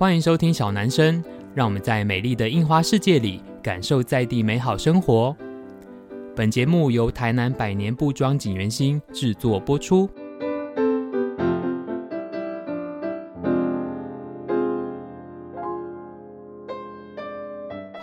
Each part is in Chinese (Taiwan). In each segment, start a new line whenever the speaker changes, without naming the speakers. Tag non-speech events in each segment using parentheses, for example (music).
歡迎收聽小南生，讓我們在美麗的印花世界裡感受在地美好生活。本節目由台南百年布莊錦源興製作播出。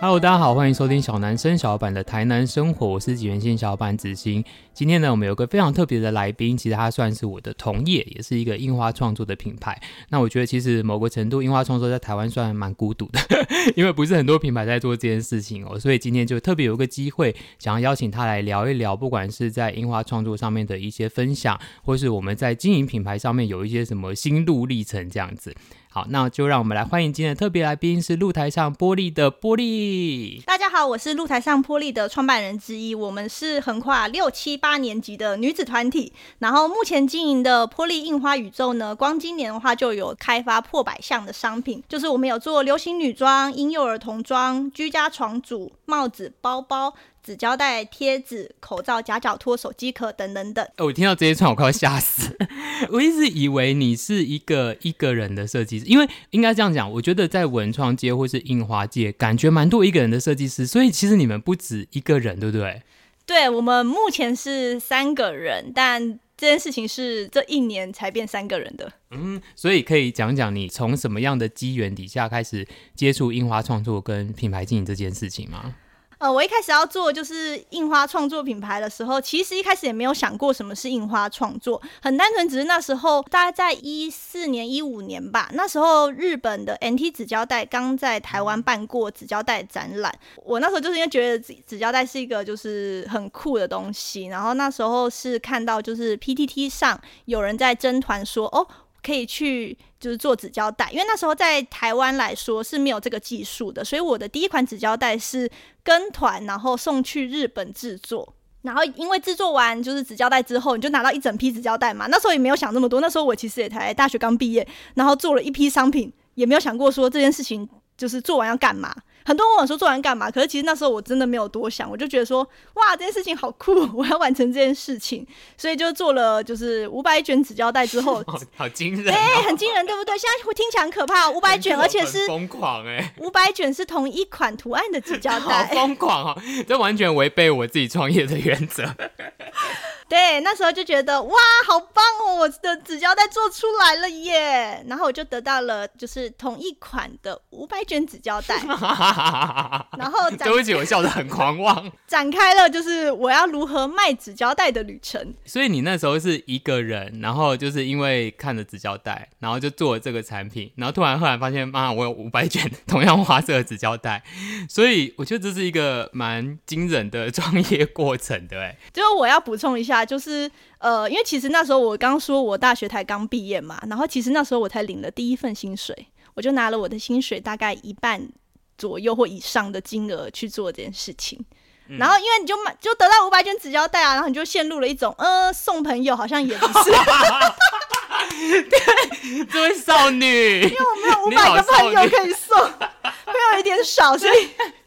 哈囉，大家好，歡迎收聽小南生，小闆的台南生活，我是錦源興小闆子興。今天呢，我們有個非常特別的來賓，其實他算是我的同業，也是一個印花創作的品牌。那我覺得，其實某個程度，印花創作在台灣算蠻孤獨的呵呵，因為不是很多品牌在做這件事情哦。所以今天就特別有個機會，想要邀請他來聊一聊，不管是在印花創作上面的一些分享，或是我們在經營品牌上面有一些什麼心路歷程這樣子。好，那就讓我們來歡迎今天的特別來賓，是露台上波麗的波麗。
大家好，我是露台上波麗的創辦人之一。我們是橫跨六七八年級的女子團體，然後目前經營的波麗印花宇宙呢，光今年的話就有開發破百項的商品，就是我們有做流行女裝、嬰幼兒童裝、居家床組、帽子、包包、紙膠帶、貼紙、口罩、夾腳托、手機殼等等等，
哦。我聽到這一串，我快要嚇死！ (laughs) 我一直以為你是一個一個人的設計師，因為應該這樣講，我覺得在文創界或是印花界，感覺蠻多一個人的設計師。所以其實你們不止一個人，對不對？
對，我們目前是三個人，但這件事情是這一年才變三個人的。嗯，
所以可以講講你從什麼樣的機緣底下開始接觸印花創作跟品牌經營這件事情嗎？
呃，我一開始要做就是印花創作品牌的時候，其實一開始也沒有想過什麼是印花創作，很單純，只是那時候大概在一四年、一五年吧，那時候日本的 NT 紙膠帶剛在台灣辦過紙膠帶展覽，我那時候就是因為覺得紙紙膠帶是一個就是很酷的東西，然後那時候是看到就是 PTT 上有人在徵團說哦。可以去就是做紙膠帶，因為那時候在台灣來說是沒有這個技術的，所以我的第一款紙膠帶是跟團，然後送去日本制作。然後因為制作完就是紙膠帶之後，你就拿到一整批紙膠帶嘛，那時候也沒有想這麼多。那時候我其實也才大學剛畢業，然後做了一批商品，也沒有想過說這件事情就是做完要幹嘛。很多人問我說：“做完幹嘛？”可是其實那時候我真的沒有多想，我就覺得說：“哇，這件事情好酷，我要完成這件事情。”所以就做了，就是五百卷紙膠帶之後，哦、
好驚人、哦，對、欸，很
驚人，對不對？現在我聽起來很可怕，五百卷，而且是瘋狂哎，五百卷是同一款圖案的紙膠帶，好
瘋狂哦，這完全違背我自己創業的原則。
(laughs) 對，那時候就覺得哇，好棒哦，我的紙膠帶做出來了耶！然後我就得到了就是同一款的五百卷紙膠帶。 (laughs) (laughs) 然後對不起，我笑得很狂妄， (laughs) 展開了，就是我要如何賣紙膠帶的旅程。
所以你那時候是一個人，然後就是因為看了紙膠帶，然後就做了這個產品，然後突然後來發現，媽、啊，我有五百卷同樣花色的紙膠帶。所以我覺得這是一個蠻驚人的創業過程。對哎，
就是我要補充一下，就是呃，因為其實那時候我剛說我大學才剛畢業嘛，然後其實那時候我才領了第一份薪水，我就拿了我的薪水大概一半。左右或以上的金額去做這件事情，嗯、然後因為你就買就得到五百卷紙膠帶啊，然後你就陷入了一種，呃，送朋友好像也不是， (laughs) (laughs) (laughs) 對，
這位少女， (laughs) 因為我沒有五百個朋友可
以送，會 (laughs) (laughs) 有一點少，所以。 (laughs)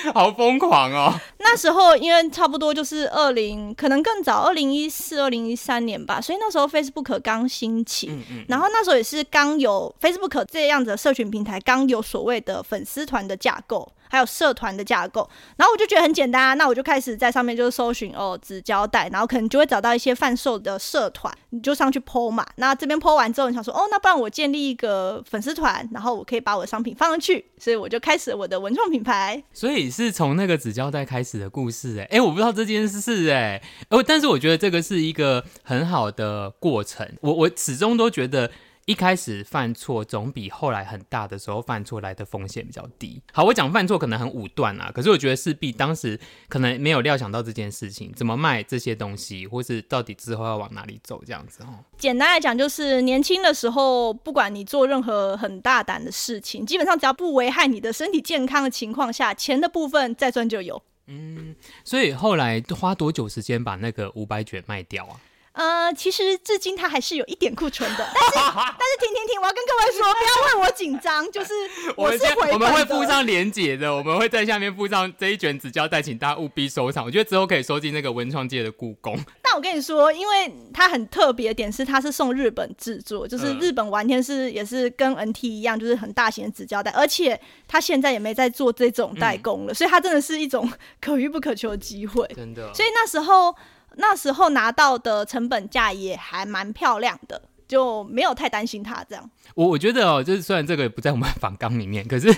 (laughs) 好瘋狂哦！
(laughs) 那時候因為差不多就是二零，可能更早，二零一四、二零一三年吧，所以那時候 Facebook 剛興起，嗯嗯嗯，然後那時候也是剛有 Facebook 這樣子的社群平台，剛有所謂的粉絲團的架構。還有社團的架構，然後我就覺得很簡單啊，那我就開始在上面就是搜尋哦，紙膠帶，然後可能就會找到一些販售的社團，你就上去 PO 嘛。那這邊 PO 完之後，你想說哦，那不然我建立一個粉絲團，然後我可以把我的商品放上去，所以我就開始我的文創品牌。
所以是從那個紙膠帶開始的故事誒、欸，誒、欸，我不知道這件事誒，哦，但是我覺得這個是一個很好的過程，我我始終都覺得。一開始犯錯，總比後來很大的時候犯錯來的風險比較低。好，我講犯錯可能很武斷啊，可是我覺得勢必當時可能沒有料想到這件事情，怎麼賣這些東西，或是到底之後要往哪裡走這樣子
哦，簡單來講，就是年輕的時候，不管你做任何很大膽的事情，基本上只要不危害你的身體健康的情況下，錢的部分再賺就有。嗯，
所以後來花多久時間把那個五百卷賣掉啊？
呃，其實至今它還是有一點庫存的，但是 (laughs) 但是停停停，我要跟各位說，不要為我緊張， (laughs) 就是我是我，我們會附
上連結的，我們會在下面附上這一卷紙膠帶，請大家務必收藏。我覺得之後可以收進那個文創界的故宮。
(laughs) 但我跟你說，因為它很特別的點是它是送日本制作，就是日本完全是也是跟 NT 一樣，就是很大型的紙膠帶，而且它現在也沒在做這種代工了，嗯，所以它真的是一種可遇不可求的機會，真的。所以那時候。那時候拿到的成本價也還蠻漂亮的，就沒有太擔心它這樣。
我我覺得哦、喔，就是雖然這個也不在我們訪綱裡面，可是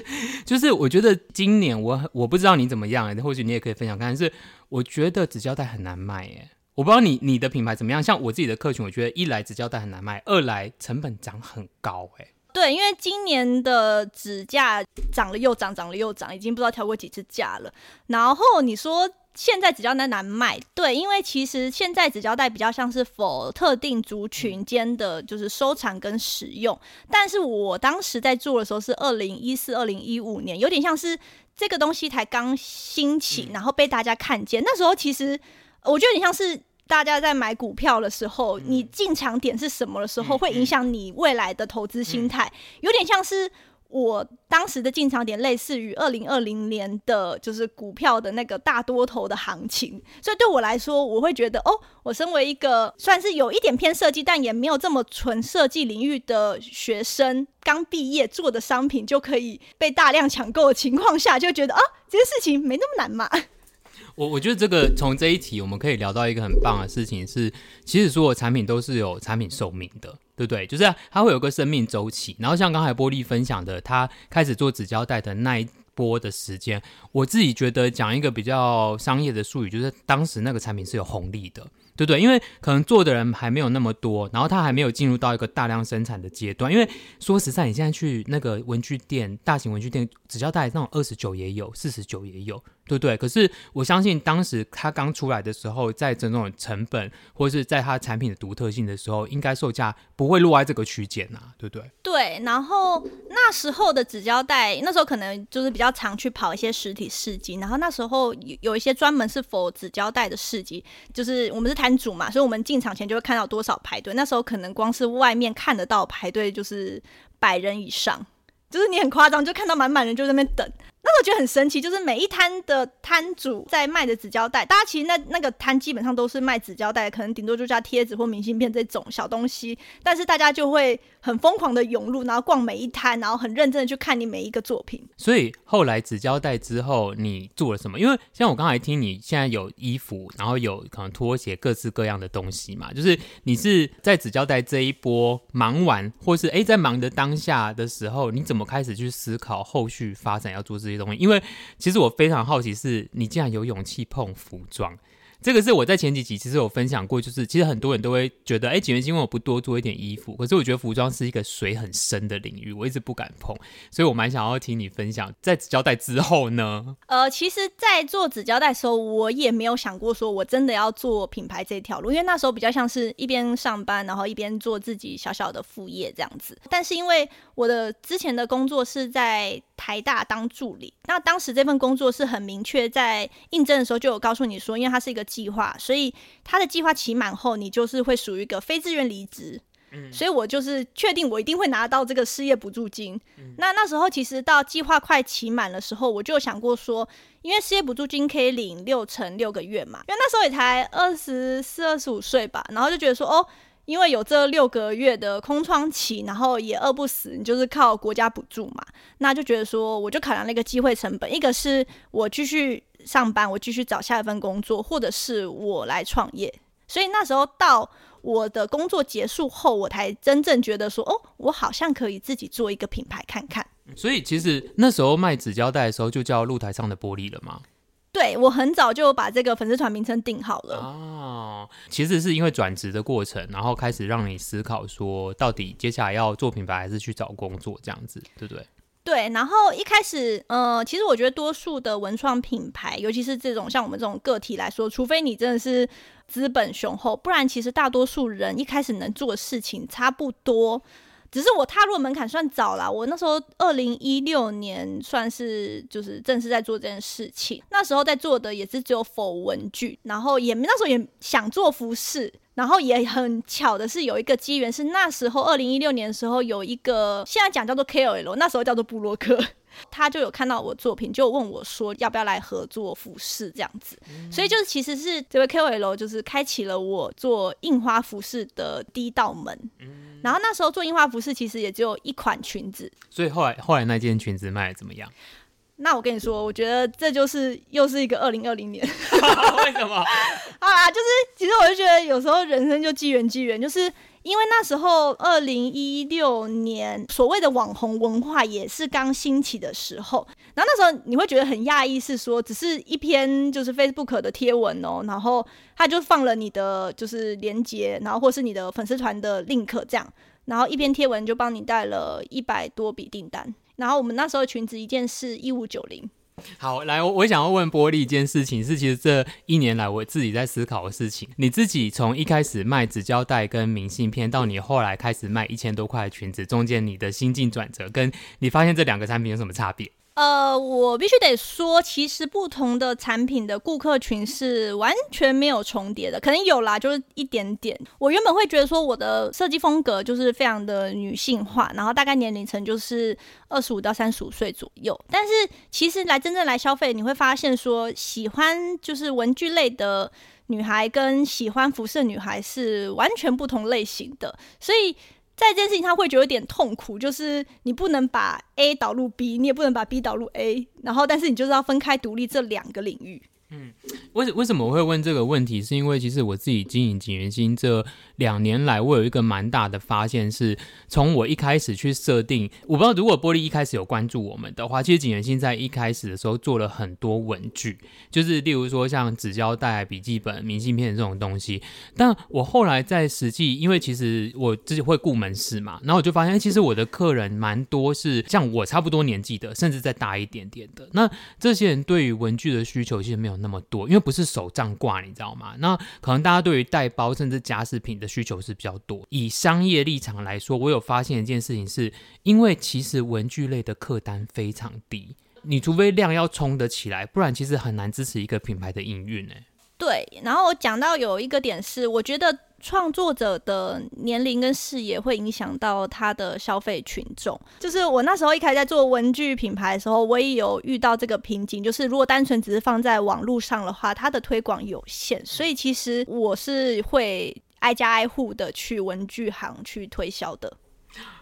就是我覺得今年我我不知道你怎麼樣、欸，或許你也可以分享看。但是我覺得紙膠帶很難賣耶、欸，我不知道你你的品牌怎麼樣。像我自己的客群，我覺得一來紙膠帶很難賣，二來成本漲很高哎、欸。
對，因為今年的紙價漲了又漲，漲了又漲，已經不知道調過幾次價了。然後你說。現在紙膠帶難賣，對，因為其實現在紙膠帶比較像是 for 特定族群間的就是收藏跟使用。但是我當時在做的時候是二零一四、二零一五年，有點像是這個東西才剛興起，嗯、然後被大家看見。那時候其實我覺得有點像是大家在買股票的時候，你進場點是什麼的時候，會影響你未來的投資心態，有點像是。我當時的進場點類似於二零二零年的，就是股票的那個大多頭的行情，所以對我來說，我會覺得，哦，我身為一個算是有一點偏設計，但也沒有這麼純設計領域的學生，剛畢業做的商品就可以被大量搶購的情況下，就覺得，哦，這件事情沒那麼難嘛。
我我覺得這個從這一題，我們可以聊到一個很棒的事情是，其實所有產品都是有產品壽命的。對不對？就是它會有個生命週期，然後像剛才波麗分享的，他開始做紙膠帶的那一波的時間，我自己覺得講一個比較商業的術語，就是當時那個產品是有紅利的，對不對？因為可能做的人還沒有那麼多，然後他還沒有進入到一個大量生產的階段。因為說實在，你現在去那個文具店，大型文具店，紙膠帶那種二十九也有，四十九也有。對不對，可是我相信當時它剛出來的時候，在這種成本或是在它產品的獨特性的時候，應該售價不會落在這個區間啊，對不對？
對，然後那時候的紙膠帶，那時候可能就是比較常去跑一些實體市集，然後那時候有有一些專門是 for 紙膠帶的市集，就是我們是攤主嘛，所以我們進場前就會看到多少排隊，那時候可能光是外面看得到排隊就是百人以上，就是你很誇張就看到滿滿人就在那邊等。那我覺得很神奇，就是每一攤的攤主在賣的紙膠帶，大家其實那那個攤基本上都是賣紙膠帶，可能頂多就加貼紙或明信片這種小東西，但是大家就會很瘋狂的湧入，然後逛每一攤，然後很認真的去看你每一個作品。
所以後來紙膠帶之後，你做了什麼？因為像我剛才聽你現在有衣服，然後有可能拖鞋，各式各樣的東西嘛，就是你是在紙膠帶這一波忙完，或是哎、欸、在忙的當下的時候，你怎麼開始去思考後續發展要做自己東西，因為其實我非常好奇是，是你竟然有勇氣碰服裝，這個是我在前幾集其實有分享過，就是其實很多人都會覺得，哎、欸，錦源興為我不多做一點衣服，可是我覺得服裝是一個水很深的領域，我一直不敢碰，所以我蠻想要聽你分享。在紙膠帶之後呢？
呃，其實，在做紙膠帶的時候，我也沒有想過說我真的要做品牌這條路，因為那時候比較像是一邊上班，然後一邊做自己小小的副業這樣子。但是因為我的之前的工作是在。台大當助理，那當時這份工作是很明確，在應徵的時候就有告訴你說，因為它是一個計劃，所以他的計劃期滿後，你就是會屬於一個非自願離職。嗯，所以我就是確定我一定會拿到這個失業補助金。那那時候其實到計劃快期滿的時候，我就想過說，因為失業補助金可以領六成六個月嘛，因為那時候也才二十四、二十五歲吧，然後就覺得說，哦。因為有這六個月的空窗期，然後也餓不死，你就是靠國家補助嘛，那就覺得說，我就考量那個機會成本，一個是我繼續上班，我繼續找下一份工作，或者是我來創業。所以那時候到我的工作結束後，我才真正覺得說，哦，我好像可以自己做一個品牌看看。
所以其實那時候賣紙膠帶的時候就叫露台上的波麗了嗎？
對，我很早就把這個粉絲團名稱定好了。
哦，其實是因為轉職的過程，然後開始讓你思考說，到底接下來要做品牌還是去找工作這樣子，對不對？
對。然後一開始，呃，其實我覺得多數的文創品牌，尤其是這種像我們這種個體來說，除非你真的是資本雄厚，不然其實大多數人一開始能做的事情差不多。只是我踏入門檻算早啦，我那時候二零一六年算是就是正式在做這件事情。那時候在做的也是只有否文具，然後也沒那時候也想做服飾，然後也很巧的是有一個機緣，是那時候二零一六年的時候有一個現在講叫做 KOL，那時候叫做部落客， (laughs) 他就有看到我作品，就問我說要不要來合作服飾這樣子。所以就是其實是這位 KOL 就是開啟了我做印花服飾的第一道門。嗯嗯然後那時候做印花服飾，其實也只有一款裙子。
所以後來後來那件裙子賣得怎麼樣？
那我跟你說，我覺得這就是又是一個二零二零年。為什麼啊？就是其實我就覺得有時候人生就機緣機緣，就是因為那時候二零一六年所謂的網紅文化也是剛興起的時候，然後那時候你會覺得很訝異，是說只是一篇就是 Facebook 的貼文哦、喔，然後他就放了你的就是鏈接，然後或是你的粉絲團的 link，這樣，然後一篇貼文就幫你帶了一百多筆訂單。然後我們那時候的裙子一件是一五九零。
好，來，我，我想要問波麗一件事情，是其實這一年來我自己在思考的事情。你自己從一開始賣紙膠帶跟明信片，到你後來開始賣一千多塊的裙子，中間你的心境轉折，跟你發現這兩個產品有什麼差別？
呃，我必須得說，其實不同的產品的顧客群是完全沒有重疊的，可能有啦，就是一點點。我原本會覺得說，我的設計風格就是非常的女性化，然後大概年齡層就是二十五到三十五歲左右。但是其實，來真正來消費，你會發現說，喜歡就是文具類的女孩跟喜歡服飾的女孩是完全不同類型的，所以。在一件事情，他會覺得有點痛苦，就是你不能把 A 導入 B，你也不能把 B 導入 A，然後但是你就是要分開獨立這兩個領域。
嗯，為為什麼我會問這個問題？是因為其實我自己經營錦源興這兩年來，我有一個蠻大的發現，是從我一開始去設定，我不知道如果波麗一開始有關注我們的，的話，其實錦源興在一開始的時候做了很多文具，就是例如說像紙膠帶、筆記本、明信片這種東西。但我後來在實際，因為其實我自己會顧門市嘛，然後我就發現，欸，其實我的客人蠻多是像我差不多年紀的，甚至再大一點點的，那這些人對於文具的需求其實沒有。那麼多，因為不是手賬掛，你知道嗎？那可能大家對於帶包甚至家飾品的需求是比較多。以商業立場來說，我有發現一件事情是，是因為其實文具類的客單非常低，你除非量要衝得起來，不然其實很難支持一個品牌的營運呢、欸。
對，然後講到有一個點是，我覺得創作者的年齡跟視野會影響到他的消費群眾。就是我那時候一開始在做文具品牌的時候，我也有遇到這個瓶頸，就是如果單純只是放在網絡上的話，它的推廣有限，所以其實我是會挨家挨戶的去文具行去推銷的。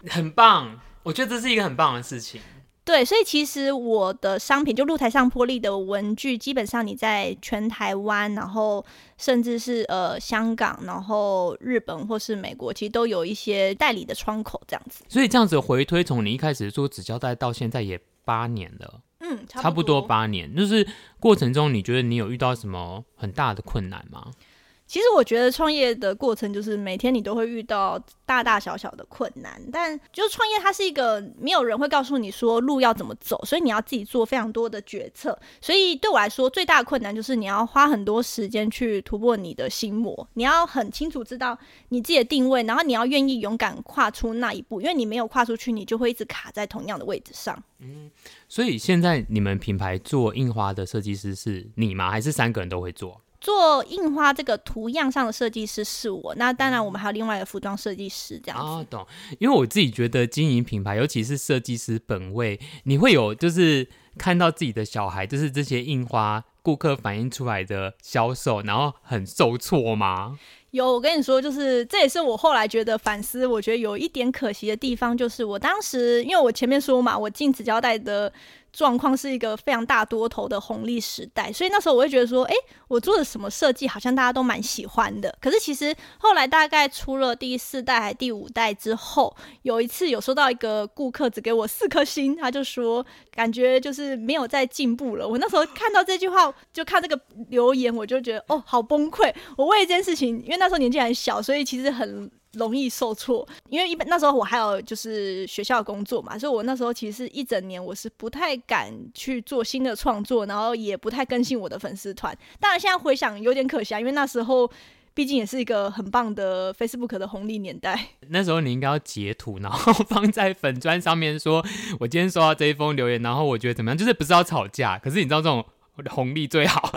很棒，我覺得這是一個很棒的事情。
對，所以其實我的商品就露台上破例的文具，基本上你在全台灣，然後甚至是呃香港，然後日本或是美國，其實都有一些代理的窗口這樣子。
所以這樣子回推，從你一開始做紙膠帶到現在也八年了，嗯，差不多八年。就是過程中，你覺得你有遇到什麼很大的困難嗎？
其實我覺得創業的過程就是每天你都會遇到大大小小的困難，但就創業它是一個沒有人會告訴你說路要怎麼走，所以你要自己做非常多的決策。所以對我來說最大的困難就是你要花很多時間去突破你的心魔，你要很清楚知道你自己的定位，然後你要願意勇敢跨出那一步，因為你沒有跨出去，你就會一直卡在同樣的位置上。嗯，
所以現在你們品牌做印花的設計師是你嗎？還是三個人都會做？
做印花這個圖樣上的設計師是我，那當然我們還有另外的服裝設計師這樣子。哦，懂。
因為我自己覺得經營品牌，尤其是設計師本位，你會有就是看到自己的小孩，就是這些印花顧客反映出來的銷售，然後很受挫嗎？
有，我跟你說，就是這也是我後來覺得反思，我覺得有一點可惜的地方，就是我當時，因為我前面說嘛，我禁止交代的。狀況是一個非常大多頭的紅利時代，所以那時候我會覺得說，誒，我做的什麼設計好像大家都蠻喜歡的。可是其實後來大概出了第四代還第五代之後，有一次有收到一個顧客只給我四顆星，他就說感覺就是沒有再進步了。我那時候看到這句話，就看這個留言，我就覺得哦，好崩潰。我為這件事情，因為那時候年紀還小，所以其實很。容易受挫，因為一般那時候我還有就是學校工作嘛，所以我那時候其實一整年我是不太敢去做新的創作，然後也不太更新我的粉絲團。當然現在回想有點可惜啊，因為那時候畢竟也是一個很棒的 Facebook 的紅利年代。
那時候你應該要截圖，然後放在粉專上面說，說我今天收到這一封留言，然後我覺得怎麼樣？就是不是要吵架，可是你知道這種。紅利最好，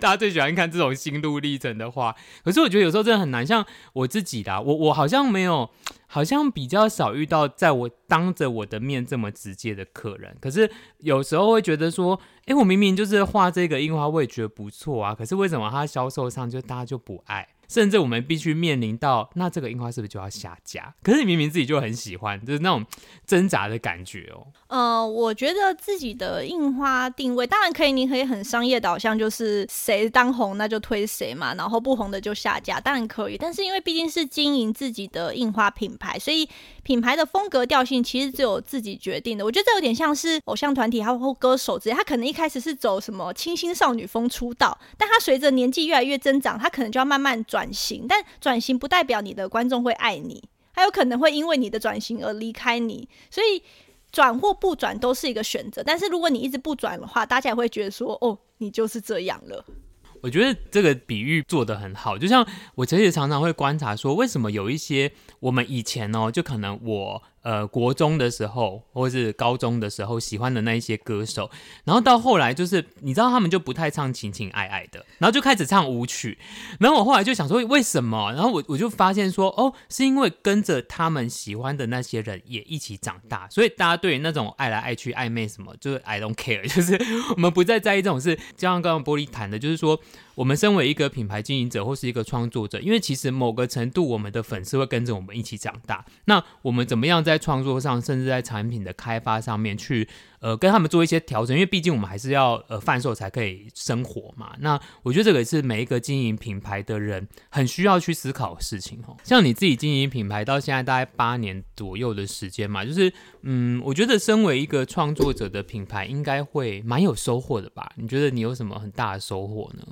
大家最喜歡看這種心路歷程的話。可是我覺得有時候真的很難，像我自己的、啊，我我好像沒有。好像比較少遇到在我當着我的面這麼直接的客人，可是有時候會覺得說，哎、欸，我明明就是畫這個印花，我也覺得不錯啊，可是為什麼它銷售上就大家就不愛？甚至我們必須面臨到，那這個印花是不是就要下架？可是你明明自己就很喜歡，就是那種掙扎的感覺哦、喔。
呃，我覺得自己的印花定位，當然可以，你可以很商業導向，就是誰當紅那就推誰嘛，然後不紅的就下架，當然可以。但是因為畢竟是經營自己的印花品牌。牌，所以品牌的風格調性其實只有自己決定的。我覺得這有點像是偶像團體，還有或歌手之類，之他可能一開始是走什麼清新少女風出道，但他隨着年紀越來越增長，他可能就要慢慢轉型。但轉型不代表你的觀眾會愛你，還有可能會因為你的轉型而離開你。所以轉或不轉都是一個選擇。但是如果你一直不轉的話，大家也會覺得說，哦，你就是這樣了。
我覺得這個比喻做得很好，就像我其實常常會觀察說，為什麼有一些我們以前哦、喔，就可能我。呃，國中的時候，或是高中的時候，喜歡的那一些歌手，然後到後來就是，你知道他們就不太唱情情愛愛的，然後就開始唱舞曲。然後我後來就想說，為什麼？然後我我就發現說，哦，是因為跟着他們喜歡的那些人也一起長大，所以大家對於那種愛來愛去、曖昧什麼，就是 I don't care，就是我們不再在,在意這種事。是就像剛剛波麗談的，就是說，我們身為一個品牌經營者或是一個創作者，因為其實某個程度，我們的粉絲會跟着我們一起長大。那我們怎麼樣在？在創作上，甚至在產品的開發上面去，呃，跟他們做一些調整，因為畢竟我們還是要呃販售才可以生活嘛。那我覺得這個是每一個經營品牌的人很需要去思考的事情哦。像你自己經營品牌到現在大概八年左右的時間嘛，就是嗯，我覺得身為一個創作者的品牌，應該會蠻有收穫的吧？你覺得你有什麼很大的收穫呢？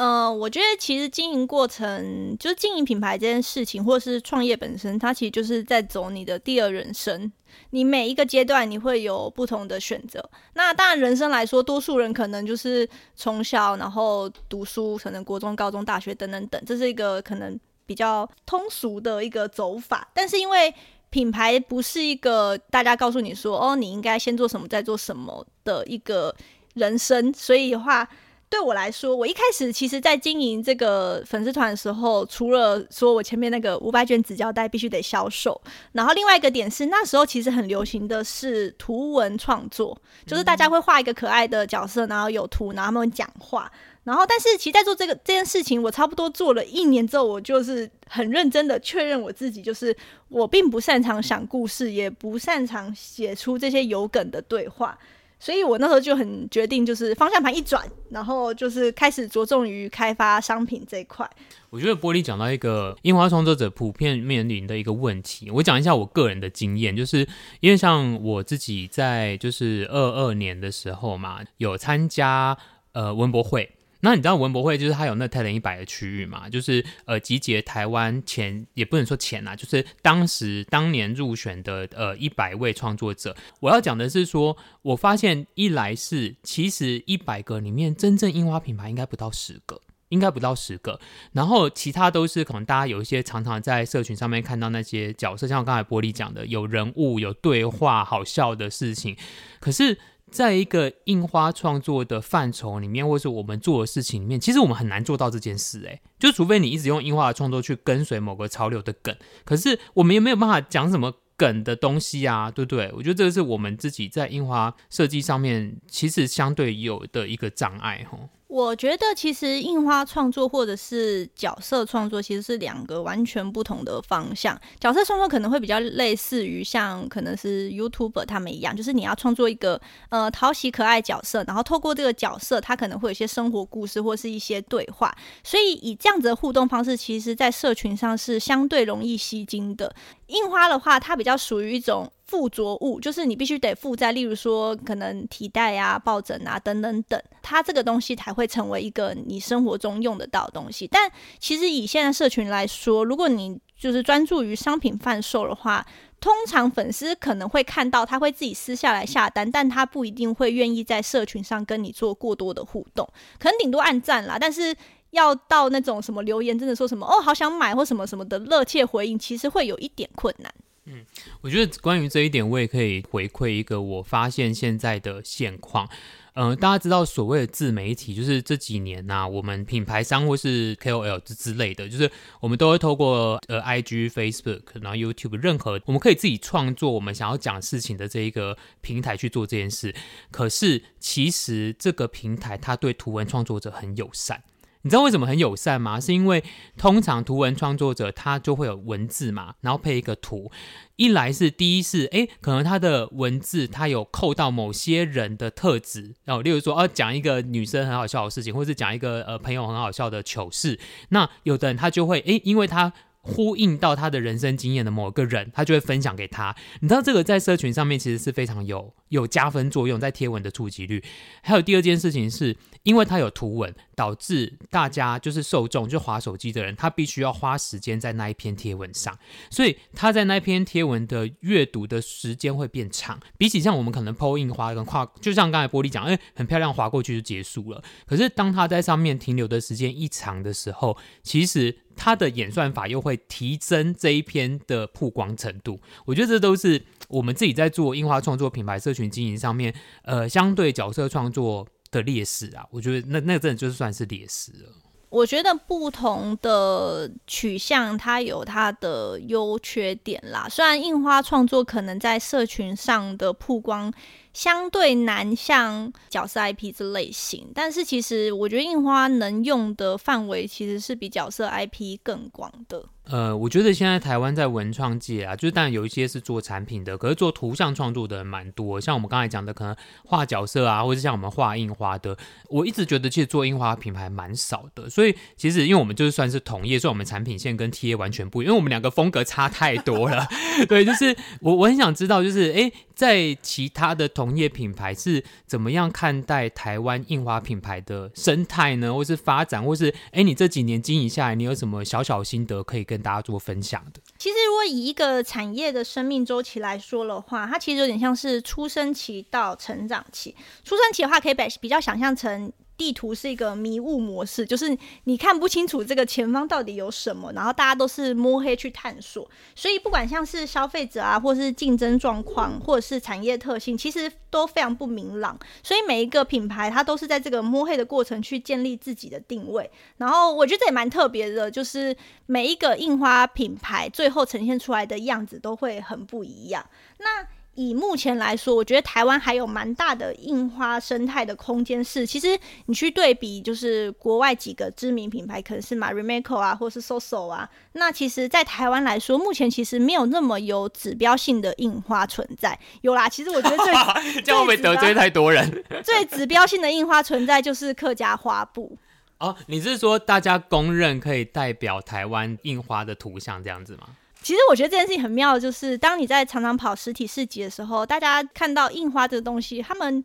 呃、嗯，我覺得其實經營過程就是經營品牌這件事情，或者是創業本身，它其實就是在走你的第二人生。你每一個階段，你會有不同的選擇。那當然，人生來說，多數人可能就是從小然後讀書，可能國中、高中、大學等等等，這是一個可能比較通俗的一個走法。但是因為品牌不是一個大家告訴你說哦，你應該先做什麼，再做什麼的一個人生，所以的話。對我來說，我一開始其實，在經營這個粉絲團的時候，除了說我前面那個五百卷紙膠帶必須得銷售，然後另外一個點是，那時候其實很流行的是圖文創作，就是大家會畫一個可愛的角色，然後有圖，然後他們講話。然後，但是其實在做這個這件事情，我差不多做了一年之後，我就是很認真的確認我自己，就是我並不擅長想故事，也不擅長寫出這些有梗的對話。所以我那時候就很決定，就是方向盤一轉，然後就是開始着重於開發商品這一塊。
我覺得波麗講到一個印花創作者普遍面臨的一個問題，我講一下我個人的經驗，就是因為像我自己在就是二二年的時候嘛，有參加呃文博會。那你知道文博會就是它有那 Talent 一百個區域嘛？就是呃集結台灣前也不能說前吶，啊，就是當時當年入選的呃一百位創作者。我要講的是說，我發現一來是其實一百個裡面真正印花品牌應該不到十個，應該不到十個，然後其他都是可能大家有一些常常在社群上面看到那些角色，像我剛才波麗講的，有人物、有對話，好笑的事情，可是。在一個印花創作的範疇裡面，或是我們做的事情裡面，其實我們很難做到這件事。誒，就除非你一直用印花的創作去跟隨某個潮流的梗，可是我們也沒有辦法講什麼梗的東西啊，對不對？我覺得這個是我們自己在印花設計上面其實相對有的一個障礙，吼。
我覺得其實印花創作或者是角色創作其實是兩個完全不同的方向。角色創作可能會比較類似於像可能是 YouTuber 他們一樣，就是你要創作一個呃討喜可愛角色，然後透過這個角色，他可能會有一些生活故事或是一些對話。所以以這樣子的互動方式，其實，在社群上是相對容易吸睛的。印花的話，它比較屬於一種。附着物就是你必須得附在，例如說可能提袋啊、抱枕啊等等等，它這個東西才會成為一個你生活中用得到的東西。但其實以現在社群來說，如果你就是專注於商品販售的話，通常粉絲可能會看到他會自己私下來下單，但他不一定會願意在社群上跟你做過多的互動，可能頂多按讚啦。但是要到那種什麼留言真的說什麼哦，好想買或什麼什麼的熱切回應，其實會有一點困難。
嗯，我覺得關於這一點，我也可以回饋一個我發現現在的現況。呃，大家知道所謂的自媒體，就是這幾年吶、啊，我們品牌商或是 KOL 之之類的，就是我們都會透過呃 IG、Facebook，然後 YouTube，任何我們可以自己創作我們想要講事情的這一個平台去做這件事。可是其實這個平台它對圖文創作者很友善。你知道為什麼很友善嗎？是因為通常圖文創作者他就會有文字嘛，然後配一個圖。一來是第一是，誒，可能他的文字他有扣到某些人的特質，然後，哦，例如說，啊，講一個女生很好笑的事情，或是講一個呃朋友很好笑的糗事。那有的人他就會，誒，因為他呼應到他的人生經驗的某個人，他就會分享給他。你知道這個在社群上面其實是非常有有加分作用，在貼文的觸及率。還有第二件事情是。因為它有圖文，導致大家就是受眾就是、滑手機的人，他必須要花時間在那一篇貼文上，所以他在那一篇貼文的閱讀的時間會變長，比起像我們可能 PO 印花跟跨，就像剛才玻璃講，因、欸、很漂亮，滑過去就結束了。可是當它在上面停留的時間一長的時候，其實它的演算法又會提升這一篇的曝光程度。我覺得這都是我們自己在做印花創作、品牌社群經營上面，呃，相對角色創作。的劣勢啊，我覺得那那真的就算是劣勢了。
我覺得不同的取向它有它的優缺點啦。雖然印花創作可能在社群上的曝光相對難，像角色 IP 這類型，但是其實我覺得印花能用的範圍其實是比角色 IP 更廣
的。呃，我覺得現在台灣在文創界啊，就是當然有一些是做產品的，可是做圖像創作的蠻多。像我們剛才講的，可能畫角色啊，或者是像我們畫印花的，我一直覺得其實做印花品牌蠻少的。所以其實因為我們就是算是同業，所以我們產品線跟 TA 完全不一樣。因為我們兩個風格差太多了。 (laughs) 對，就是我我很想知道，就是哎，誒在其他的同業品牌是怎麼樣看待台灣印花品牌的生態呢？或是發展，或是誒、欸，你這幾年經營下來，你有什麼小小心得可以跟大家做分享的？
其實如果以一個產業的生命周期來說的話，它其實有點像是出生期到成長期。出生期的話，可以把比較想象成。地圖是一個迷霧模式，就是你看不清楚這個前方到底有什麼，然後大家都是摸黑去探索。所以不管像是消費者啊，或是競爭狀況，或者是產業特性，其實都非常不明朗。所以每一個品牌，它都是在這個摸黑的過程去建立自己的定位。然後我覺得也蠻特別的，就是每一個印花品牌最後呈現出來的樣子都會很不一樣。那以目前來說，我覺得台灣還有蠻大的印花生態的空間。是，其實你去對比，就是國外幾個知名品牌，可能是 Marimekko 啊，或是 Soso 啊。那其實，在台灣來說，目前其實沒有那麼有指標性的印花存在。有啦，其實我覺得最、哦、這樣會不會得罪太多人？最指標性的印花存在就是客家花布
哦。你是說大家公認可以代表台灣印花的圖像這樣子嗎？
其實我覺得這件事情很妙，就是當你在常常跑實體市集的時候，大家看到印花這個東西，他們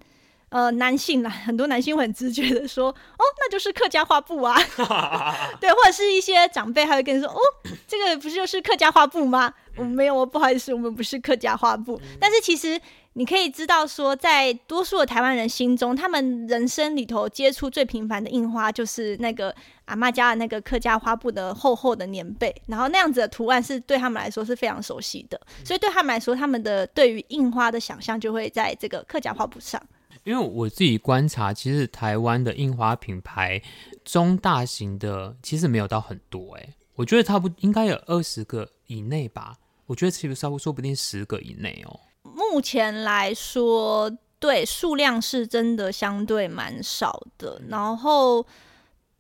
呃男性呢，很多男性會很直覺的說，哦，那就是客家花布啊， (laughs) 對，或者是一些長輩還會跟你說，哦，這個不是就是客家花布嗎？我們沒有，我不好意思，我們不是客家花布，但是其實你可以知道說，在多數的台灣人心中，他們人生裡頭接觸最頻繁的印花，就是那個阿媽家的那個客家花布的厚厚的棉被，然後那樣子的圖案是對他們來說是非常熟悉的，所以對他們來說，他們的對於印花的想象就會在這個客家花布上。
因為我自己觀察，其實台灣的印花品牌中大型的其實沒有到很多誒、欸，我覺得差不多應該有二十個以內吧，我覺得其實稍微說不定十個以內哦、喔。
目前來說，對數量是真的相對蠻少的，然後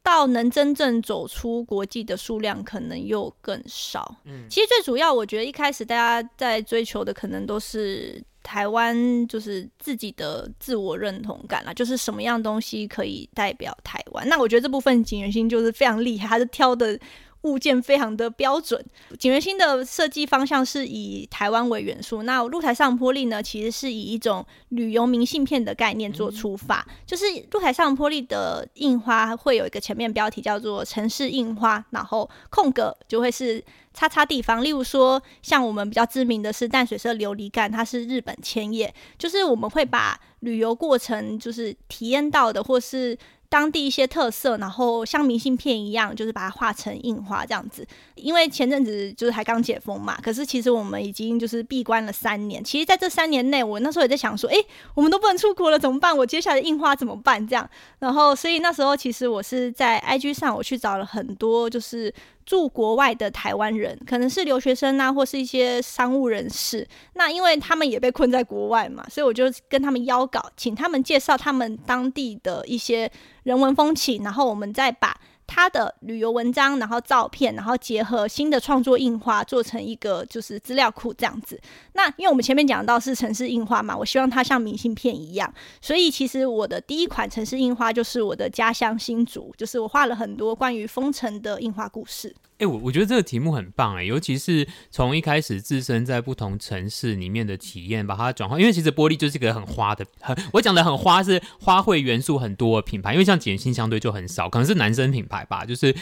到能真正走出國際的數量可能又更少。嗯、其實最主要，我覺得一開始大家在追求的可能都是台灣，就是自己的自我認同感啦、啊，就是什麼樣東西可以代表台灣。那我覺得這部分錦源興就是非常厲害，他是挑的。物件非常的標準，錦源興的設計方向是以台灣為元素。那露台上的波麗呢，其實是以一種旅遊明信片的概念做出發，就是露台上的波麗的印花會有一個前面標題叫做“城市印花”，然後空格就會是叉叉地方，例如說像我們比較知名的是淡水色琉璃干，它是日本千葉，就是我們會把旅遊過程就是體驗到的或是。當地一些特色，然後像明信片一樣，就是把它畫成印花這樣子。因為前陣子就是還剛解封嘛，可是其實我們已經就是閉關了三年。其實在這三年內，我那時候也在想說，哎，我們都不能出國了，怎麼辦？我接下來印花怎麼辦？這樣，然後所以那時候其實我是在 IG 上，我去找了很多就是。住國外的台灣人，可能是留學生啊，或是一些商務人士。那因為他們也被困在國外嘛，所以我就跟他們邀稿，請他們介紹他們當地的一些人文風情，然後我們再把他的旅遊文章，然後照片，然後結合新的創作印花，做成一個就是資料庫這樣子。那因為我們前面講到是城市印花嘛，我希望它像明信片一樣，所以其實我的第一款城市印花就是我的家鄉新竹，就是我畫了很多關於風城的印花故事。
哎、欸，我我覺得這個題目很棒。哎、欸，尤其是從一開始自身在不同城市裡面的體驗，把它轉化。因為其實波麗就是一個很花的，很我講的很花是花卉元素很多的品牌，因為像錦源興相對就很少，可能是男生品牌吧，就是。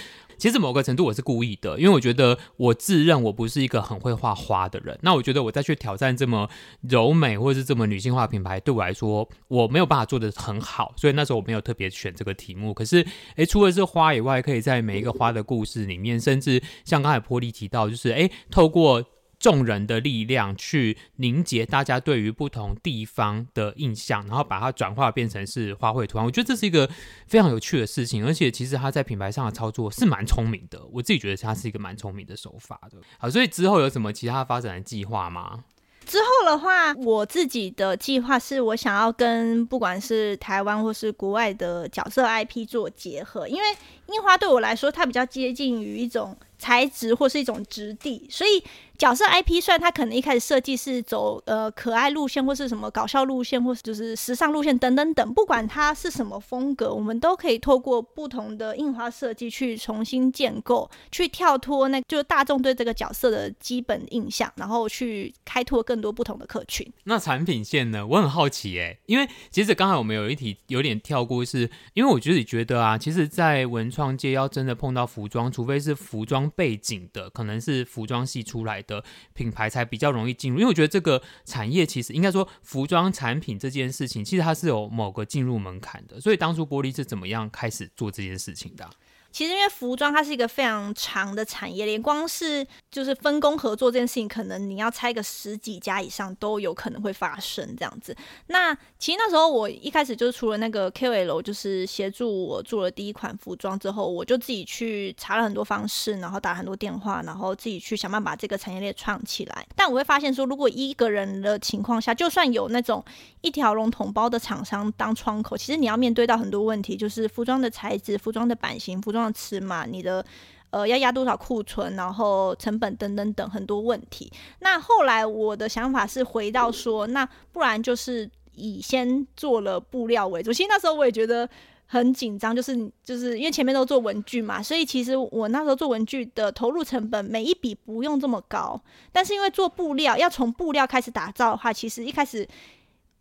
其實某個程度我是故意的，因為我覺得我自認我不是一個很會畫花的人。那我覺得我再去挑戰這麼柔美或者是這麼女性化的品牌，對我來說，我沒有辦法做得很好，所以那時候我沒有特別選這個題目。可是，哎，除了這花以外，可以在每一個花的故事裡面，甚至像剛才波麗提到，就是哎，透過。眾人的力量去凝結大家對於不同地方的印象，然後把它轉化變成是花卉圖案。我覺得這是一個非常有趣的事情，而且其實它在品牌上的操作是蠻聰明的。我自己覺得它是一個蠻聰明的手法的。好，所以之後有什麼其他發展的計劃嗎？
之後的話，我自己的計劃是我想要跟不管是台灣或是國外的角色 IP 做結合，因為印花對我來說，它比較接近於一種材質或是一種質地，所以。角色 IP，雖然它可能一開始設計是走呃可愛路線，或是什麼搞笑路線，或就是時尚路線等等等，不管它是什麼風格，我們都可以透過不同的印花設計去重新建構，去跳脫那個，就是大眾對這個角色的基本印象，然後去開拓更多不同的客群。
那產品線呢？我很好奇哎、欸，因為其實剛才我們有一題有點跳過是，是因為我覺得覺得啊，其實，在文創界要真的碰到服裝，除非是服裝背景的，可能是服裝系出來的。品牌才比較容易進入，因為我覺得這個產業其實應該說服裝產品這件事情，其實它是有某個進入門檻的。所以當初波麗是怎麼樣開始做這件事情的啊？
其實因為服裝它是一個非常長的產業鏈，光是就是分工合作這件事情，可能你要拆個十幾家以上都有可能會發生這樣子。那其實那時候我一開始就是除了那個 K 尾樓就是協助我做了第一款服裝之後，我就自己去查了很多方式，然後打了很多電話，然後自己去想辦法把這個產業鏈創起來。但我會發現說，如果一個人的情況下，就算有那種一條龍同胞的廠商當窗口，其實你要面對到很多問題，就是服裝的材質、服裝的版型、服裝尺碼，你的呃要壓多少庫存，然後成本等等等很多問題。那後來我的想法是回到說，那不然就是以先做了布料為主。其實那時候我也覺得很緊張，就是就是因為前面都做文具嘛，所以其實我那時候做文具的投入成本每一筆不用這麼高，但是因為做布料要從布料開始打造的話，其實一開始。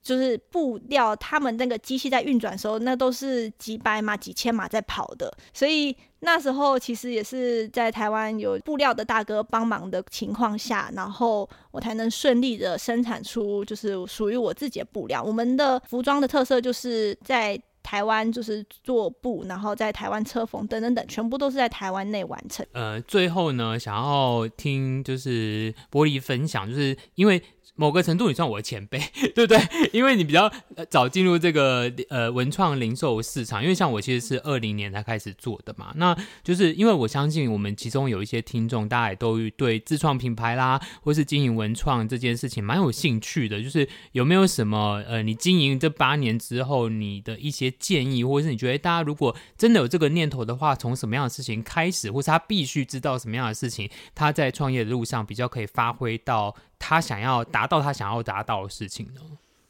就是布料，他們那個機器在運轉的時候，那都是幾百碼、幾千碼在跑的。所以那時候其實也是在台灣有布料的大哥幫忙的情況下，然後我才能順利的生產出就是屬於我自己的布料。我們的服裝的特色就是在台灣就是做布，然後在台灣車縫等等等等，全部都是在台灣內完成。
呃，最後呢，想要聽就是波麗分享，就是因為。某個程度，你算我的前輩，對不對？因為你比較、呃、早進入這個呃文創零售市場，因為像我其實是二零年才開始做的嘛。那就是因為我相信，我們其中有一些聽眾，大家也都對自創品牌啦，或是經營文創這件事情蠻有興趣的。就是有沒有什麼呃，你經營這八年之後，你的一些建議，或是你覺得大家如果真的有這個念頭的話，從什麼樣的事情開始，或是他必須知道什麼樣的事情，他在創業的路上比較可以發揮到？他想要達到他想要達到的事情呢？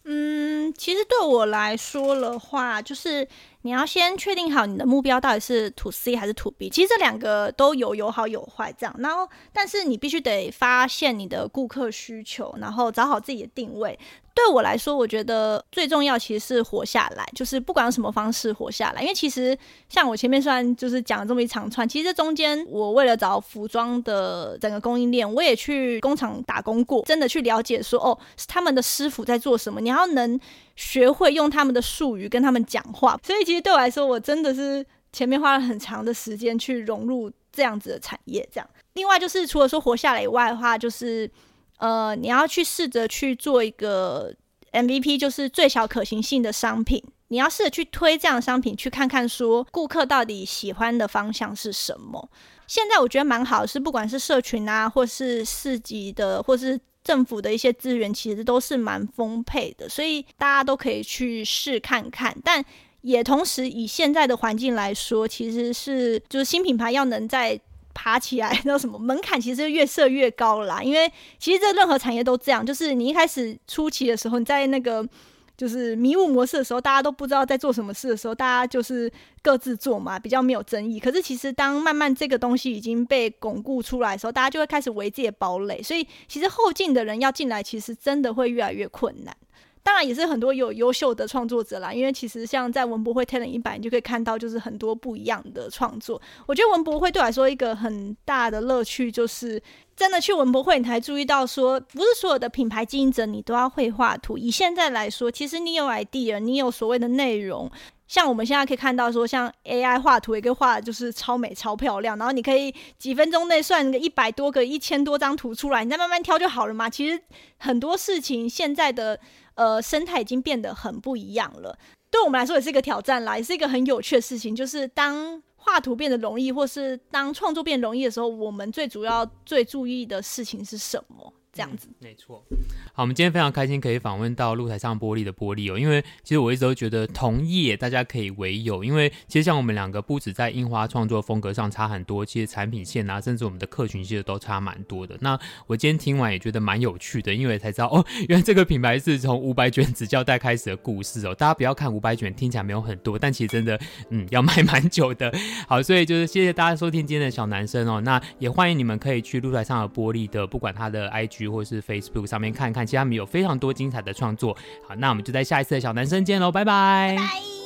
嗯，
其實對我來說的話，就是。你要先確定好你的目標到底是 To C 還是 To B，其實這兩個都有有好有壞，這樣。然後，但是你必須得發現你的顧客需求，然後找好自己的定位。對我來說，我覺得最重要其實是活下來，就是不管用什麼方式活下來。因為其實像我前面雖然就是講了這麼一長串，其實這中間我為了找服裝的整個供應鏈，我也去工廠打工過，真的去了解說哦，是他們的師傅在做什麼。你要能。學會用他們的術語跟他們講話，所以其實對我來說，我真的是前面花了很長的時間去融入這樣子的產業。這樣，另外就是除了說活下來以外的話，就是，呃，你要去試着去做一個 MVP，就是最小可行性的商品。你要試着去推這樣的商品，去看看說顧客到底喜歡的方向是什麼。現在我覺得蠻好的是，不管是社群啊，或是市集的，或是。政府的一些資源其實都是蠻豐沛的，所以大家都可以去試看看。但也同時以現在的環境來說，其實是就是新品牌要能再爬起來，那什麼門檻其實就越設越高啦。因為其實這任何產業都這樣，就是你一開始初期的時候，你在那個。就是迷霧模式的時候，大家都不知道在做什麼事的時候，大家就是各自做嘛，比較沒有爭議。可是其實當慢慢這個東西已經被鞏固出來的時候，大家就會開始圍自己的堡壘，所以其實後進的人要進來，其實真的會越來越困難。當然也是很多有優秀的創作者啦，因為其實像在文博會 TEN 一百，你就可以看到就是很多不一樣的創作。我覺得文博會對我來說一個很大的樂趣就是，真的去文博會，你才注意到說，不是所有的品牌經營者你都要會畫圖。以現在來說，其實你有 idea，你有所謂的內容，像我們現在可以看到說，像 A I 畫圖，也可以畫就是超美超漂亮，然後你可以幾分鐘內算個一百多個、一千多張圖出來，你再慢慢挑就好了嘛。其實很多事情現在的。呃，生態已經變得很不一樣了，對我們來說也是一個挑戰啦，也是一個很有趣的事情，就是當畫圖變得容易，或是當創作變得容易的時候，我們最主要最注意的事情是什麼？這樣子
沒錯，好，我們今天非常開心可以訪問到露台上的波麗的波麗哦、喔，因為其實我一直都覺得同業大家可以為友，因為其實像我們兩個不止在印花創作風格上差很多，其實產品線啊，甚至我們的客群其實都差蠻多的。那我今天聽完也覺得蠻有趣的，因為才知道哦，原來這個品牌，是從五百卷紙膠帶開始的故事哦、喔。大家不要看五百卷聽起來沒有很多，但其實真的嗯要賣蠻久的。好，所以就是謝謝大家收聽今天的小南生哦、喔，那也歡迎你們可以去露台上的波麗的，不管他的 IG。或是 Facebook 上面看看，其實他們有非常多精彩的創作。好，那我們就在下一次的小南生見嘍，拜拜。拜拜。